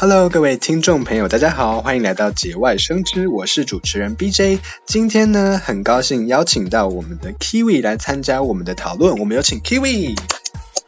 Hello，各位聽眾朋友，大家好，歡迎來到《節外生枝》，我是主持人 BJ。今天呢，很高興邀請到我們的 Kiwi 來參加我們的討論，我們有請 Kiwi。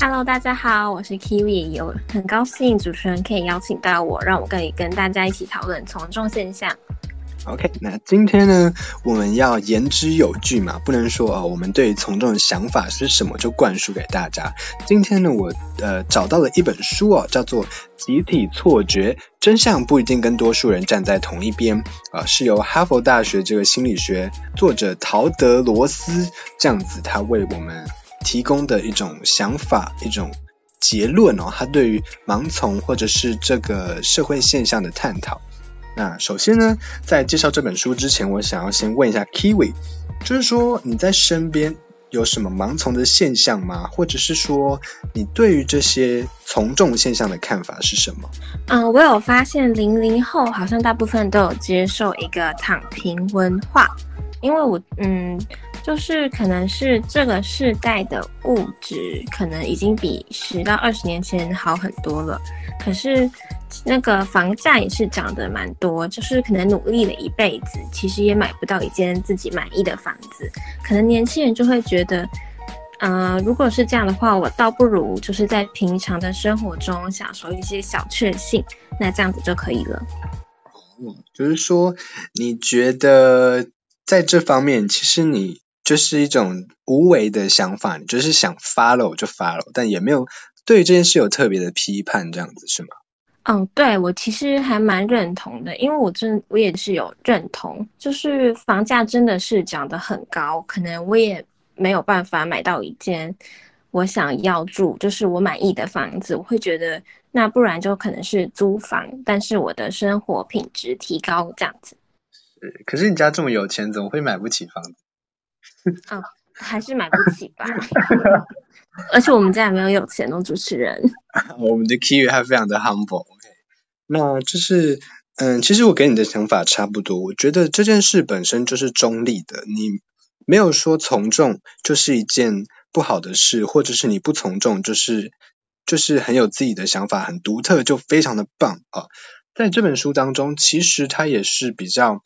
Hello，大家好，我是 Kiwi，有很高興主持人可以邀請到我，讓我可以跟大家一起討論從眾現象。OK，那今天呢，我們要言之有據嘛，不能說啊、哦，我們對於從眾的想法是什麼就灌輸給大家。今天呢，我呃找到了一本書哦，叫做《集體錯覺：真相不一定跟多數人站在同一邊》啊、呃，是由哈佛大學這個心理學作者陶德·羅斯這樣子，他為我們提供的一種想法、一種結論哦，他對於盲從或者是這個社會現象的探討。那首先呢，在介紹這本書之前，我想要先問一下 Kiwi，就是說你在身邊有什麼盲從的現象嗎？或者是說你對於這些從眾現象的看法是什麼？嗯，我有發現零零後好像大部分都有接受一個躺平文化，因為我嗯，就是可能是這個世代的物質可能已經比十到二十年前好很多了，可是。那個房價也是漲得蠻多，就是可能努力了一輩子，其實也買不到一間自己滿意的房子。可能年輕人就會覺得，嗯、呃，如果是這樣的話，我倒不如就是在平常的生活中享受一些小確幸，那這樣子就可以了。哦，就是說你覺得在這方面，其實你就是一種無為的想法，你就是想 follow 就 follow，但也沒有對這件事有特別的批判，這樣子是嗎？嗯，oh, 對我其實還蠻認同的，因為我真我也是有認同，就是房價真的是漲得很高，可能我也沒有辦法買到一間我想要住，就是我滿意的房子。我會覺得那不然就可能是租房，但是我的生活品質提高這樣子。可是你家這麼有錢，怎麼會買不起房子？ oh, 還是買不起吧。 而且我們家也沒有有錢的主持人。Oh, 我們的 kiwi 還非常的 humble。那就是，嗯，其實我跟你的想法差不多。我覺得這件事本身就是中立的，你沒有說從眾就是一件不好的事，或者是你不從眾就是就是很有自己的想法，很獨特就非常的棒啊。在這本書當中，其實他也是比較，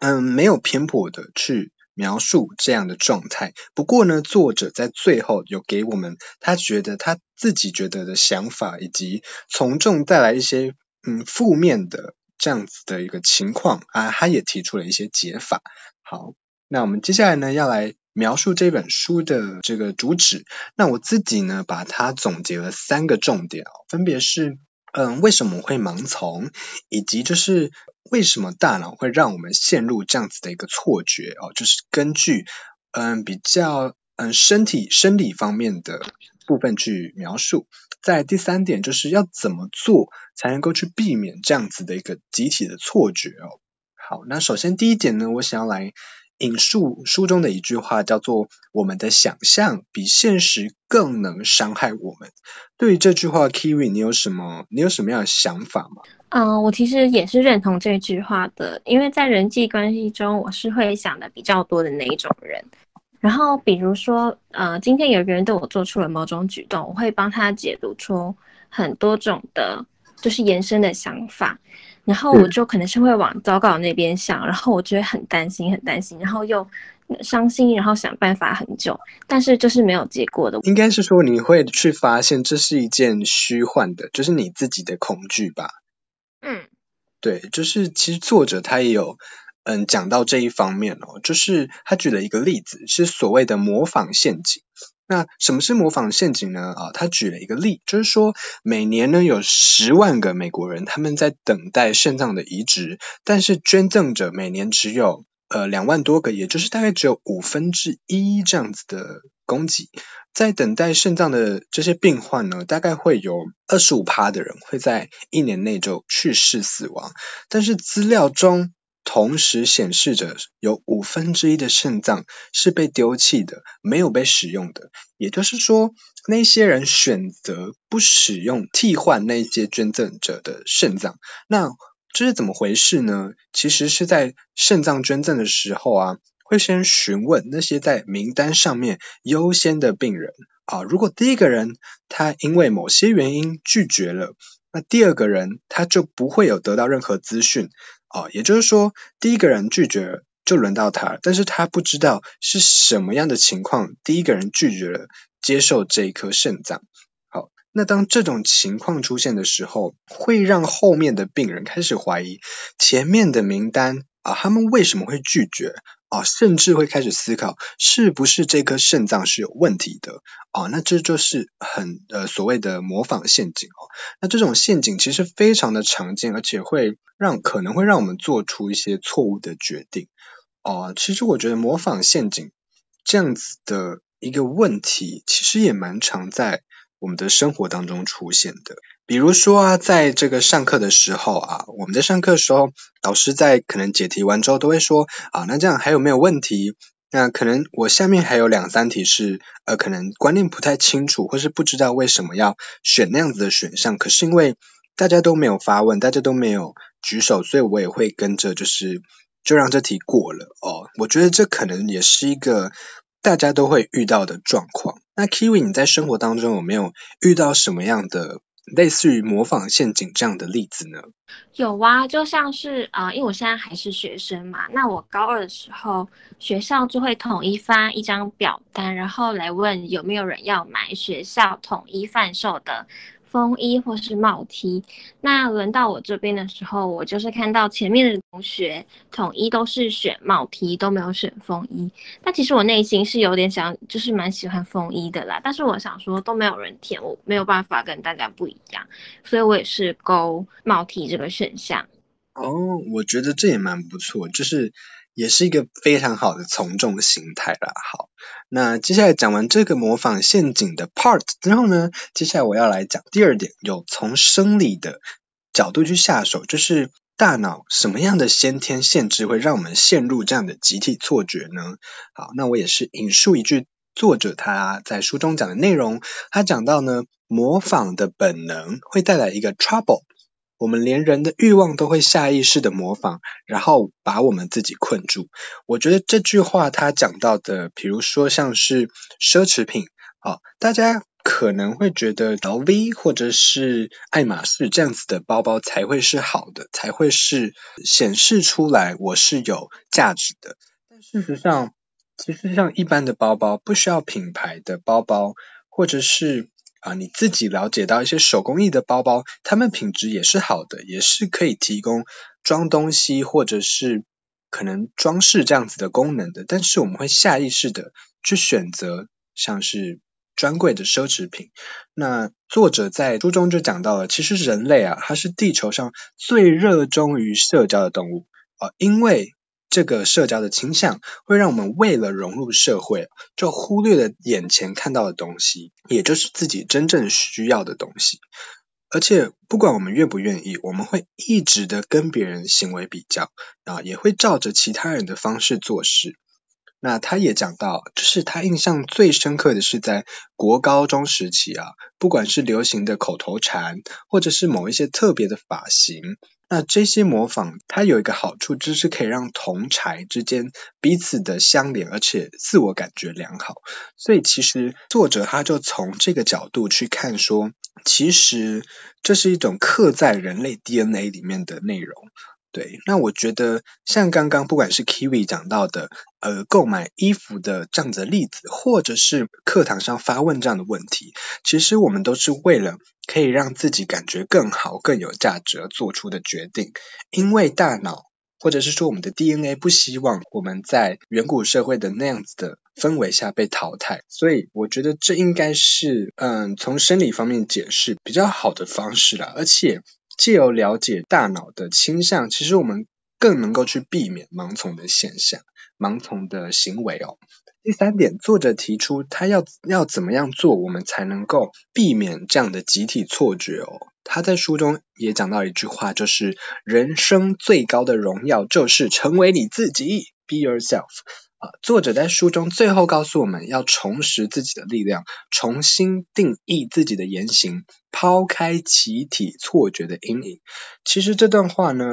嗯，沒有偏頗的去描述這樣的狀態。不過呢，作者在最後有給我們他覺得他自己覺得的想法，以及從眾帶來一些。嗯，負面的這樣子的一個情況啊，他也提出了一些解法。好，那我們接下來呢，要來描述這本書的這個主旨。那我自己呢，把它總結了三個重點，分別是嗯，為什麼會盲從，以及就是為什麼大腦會讓我們陷入這樣子的一個錯覺哦，就是根據嗯，比較嗯，身體生理方面的。部分去描述，在第三點就是要怎麼做才能夠去避免這樣子的一個集體的錯覺哦。好，那首先第一點呢，我想要來引述書中的一句話，叫做“我們的想象比現實更能傷害我們”。對於這句話，Kiwi，你有什麼你有什麼樣的想法嗎？嗯、呃，我其實也是認同這句話的，因為在人際關係中，我是會想的比較多的那一種人。然後，比如說，呃，今天有個人對我做出了某種舉動，我會幫他解讀出很多種的，就是延伸的想法。然後我就可能是會往糟糕那邊想，嗯、然後我就會很擔心，很擔心，然後又傷心，然後想辦法很久，但是就是沒有結果的。應該是說你會去發現這是一件虛幻的，就是你自己的恐懼吧？嗯，對，就是其實作者他也有。嗯，講到這一方面哦，就是他舉了一個例子，是所謂的模仿陷阱。那什麼是模仿陷阱呢？啊，他舉了一個例，就是說每年呢有十萬個美國人他們在等待腎臟的移植，但是捐贈者每年只有呃兩萬多個，也就是大概只有五分之一這樣子的供給。在等待腎臟的這些病患呢，大概會有二十五趴的人會在一年內就去世死亡，但是資料中。同時顯示着有五分之一的腎臟是被丟棄的，沒有被使用的。也就是說，那些人選擇不使用替換那些捐贈者的腎臟，那這是怎麼回事呢？其實是在腎臟捐贈的時候啊，會先詢問那些在名單上面優先的病人啊。如果第一個人他因為某些原因拒絕了，那第二個人他就不會有得到任何資訊。哦，也就是說，第一個人拒絕了，就輪到他了，但是他不知道是什麼樣的情況，第一個人拒絕了接受這一顆腎臟。好，那當這種情況出現的時候，會讓後面的病人開始懷疑前面的名單。啊，他們為什麼會拒絕啊？甚至會開始思考，是不是這顆腎臟是有問題的啊？那這就是很呃所謂的模仿陷阱哦、啊。那這種陷阱其實非常的常見，而且會讓可能會讓我們做出一些錯誤的決定。哦、啊，其實我覺得模仿陷阱這樣子的一個問題，其實也蠻常在。我們的生活當中出現的，比如說啊，在這個上課的時候啊，我們在上課的時候，老師在可能解題完之後都會說啊，那這樣還有沒有問題？那可能我下面還有兩三題是呃，可能觀念不太清楚，或是不知道為什麼要選那樣子的選項。可是因為大家都沒有發問，大家都沒有舉手，所以我也會跟着就是就讓這題過了哦。我覺得這可能也是一個大家都會遇到的狀況。那 Kiwi，你在生活當中有沒有遇到什麼樣的類似於模仿陷阱這樣的例子呢？有啊，就像是啊、呃，因為我現在還是學生嘛，那我高二的時候，學校就會統一發一張表單，然後來問有沒有人要買學校統一販售的風衣或是帽 T，那輪到我這邊的時候，我就是看到前面的同學統一都是選帽 T，都沒有選風衣。但其實我內心是有點想，就是蠻喜歡風衣的啦。但是我想說都沒有人填我，我沒有辦法跟大家不一樣，所以我也是勾帽 T 這個選項。哦，我覺得這也蠻不錯，就是。也是一個非常好的從眾心態啦。好，那接下來講完這個模仿陷阱的 part 之後呢，接下來我要來講第二點，有從生理的角度去下手，就是大腦什麼樣的先天限制會讓我們陷入這樣的集體錯覺呢？好，那我也是引述一句作者他在書中講的內容，他講到呢，模仿的本能會帶來一個 trouble。我們連人的欲望都會下意識的模仿，然後把我們自己困住。我覺得這句話他講到的，比如說像是奢侈品，哦，大家可能會覺得 LV 或者是愛馬仕這樣子的包包才會是好的，才會是顯示出來我是有價值的。但事實上，其實像一般的包包，不需要品牌的包包，或者是。啊，你自己了解到一些手工藝的包包，它們品質也是好的，也是可以提供裝東西或者是可能裝飾這樣子的功能的。但是我們會下意識的去選擇像是專櫃的奢侈品。那作者在書中就講到了，其實人類啊，它是地球上最熱衷於社交的動物啊，因為。這個社交的傾向，會讓我們為了融入社會，就忽略了眼前看到的東西，也就是自己真正需要的東西。而且，不管我們願不願意，我們會一直的跟別人行為比較啊，然後也會照着其他人的方式做事。那他也講到，就是他印象最深刻的是在國高中時期啊，不管是流行的口頭禪，或者是某一些特別的髮型，那這些模仿，它有一個好處，就是可以讓同儕之間彼此的相連，而且自我感覺良好。所以其實作者他就從這個角度去看，說其實這是一種刻在人類 DNA 裡面的內容。對，那我覺得像剛剛不管是 Kiwi 講到的，呃，購買衣服的這樣子的例子，或者是課堂上發問這樣的問題，其實我們都是為了可以讓自己感覺更好、更有價值而做出的決定，因為大腦或者是說我們的 DNA 不希望我們在遠古社會的那樣子的氛圍下被淘汰，所以我覺得這應該是嗯，呃，從生理方面解釋比較好的方式了，而且。藉由了解大腦的傾向，其實我們更能夠去避免盲從的現象、盲從的行為哦。第三點，作者提出他要要怎麼樣做，我們才能夠避免這樣的集體錯覺哦。他在書中也講到一句話，就是人生最高的榮耀就是成為你自己，Be yourself。啊，作者在書中最後告訴我們要重拾自己的力量，重新定義自己的言行，拋開集體錯覺的陰影。其實這段話呢，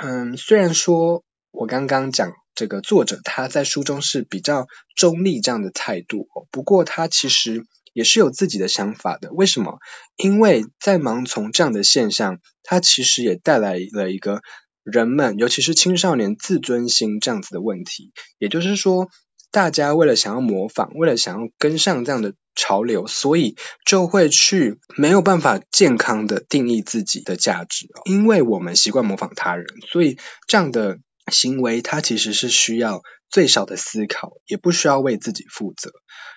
嗯，雖然說我剛剛講這個作者他在書中是比較中立這樣的態度，不過他其實也是有自己的想法的。為什麼？因為在盲從這樣的現象，他其實也帶來了一個。人們，尤其是青少年，自尊心這樣子的問題，也就是說，大家為了想要模仿，為了想要跟上這樣的潮流，所以就會去沒有辦法健康的定義自己的價值哦，因為我們習慣模仿他人，所以這樣的行為，它其實是需要最少的思考，也不需要為自己負責，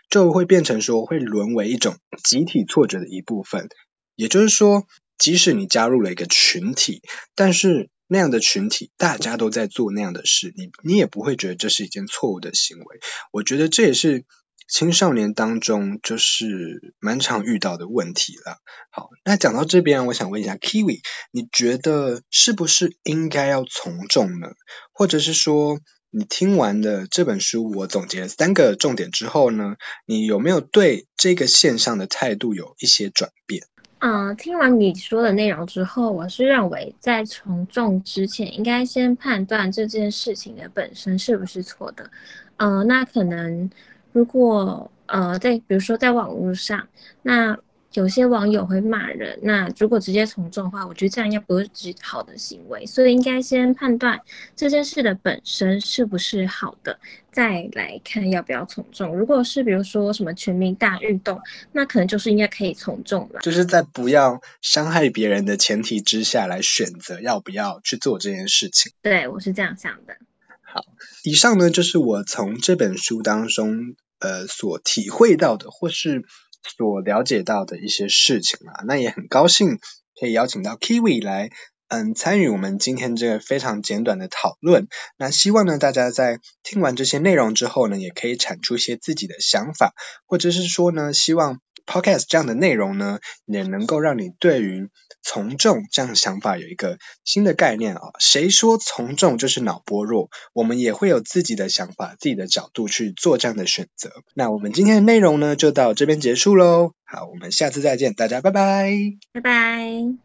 就會變成說會淪為一種集體錯覺的一部分。也就是說，即使你加入了一個群體，但是那樣的群體，大家都在做那樣的事，你你也不會覺得這是一件錯誤的行為。我覺得這也是青少年當中就是蠻常遇到的問題了。好，那講到這邊啊，我想問一下 Kiwi，你覺得是不是應該要從眾呢？或者是說，你聽完了這本書，我總結了三個重點之後呢，你有沒有對這個現象的態度有一些轉變？嗯、呃，聽完你說的內容之後，我是認為在從眾之前，應該先判斷這件事情的本身是不是錯的。嗯、呃，那可能如果呃，在比如說在網絡上，那。有些網友會罵人，那如果直接從眾的話，我覺得這樣應該不是極好的行為，所以應該先判斷這件事的本身是不是好的，再來看要不要從眾。如果是比如說什麼全民大運動，那可能就是應該可以從眾了，就是在不要傷害別人的前提之下來選擇要不要去做這件事情。對，我是這樣想的。好，以上呢就是我從這本書當中呃所體會到的，或是。所了解到的一些事情啊，那也很高興可以邀請到 Kiwi 來，嗯，參與我們今天這個非常簡短的討論。那希望呢，大家在聽完這些內容之後呢，也可以產出一些自己的想法，或者是說呢，希望。Podcast 這樣的內容呢，也能夠讓你對於從眾這樣的想法有一個新的概念啊、哦。誰說從眾就是腦波弱？我們也會有自己的想法、自己的角度去做這樣的選擇。那我們今天的內容呢，就到這邊結束嘍。好，我們下次再見，大家拜拜，拜拜。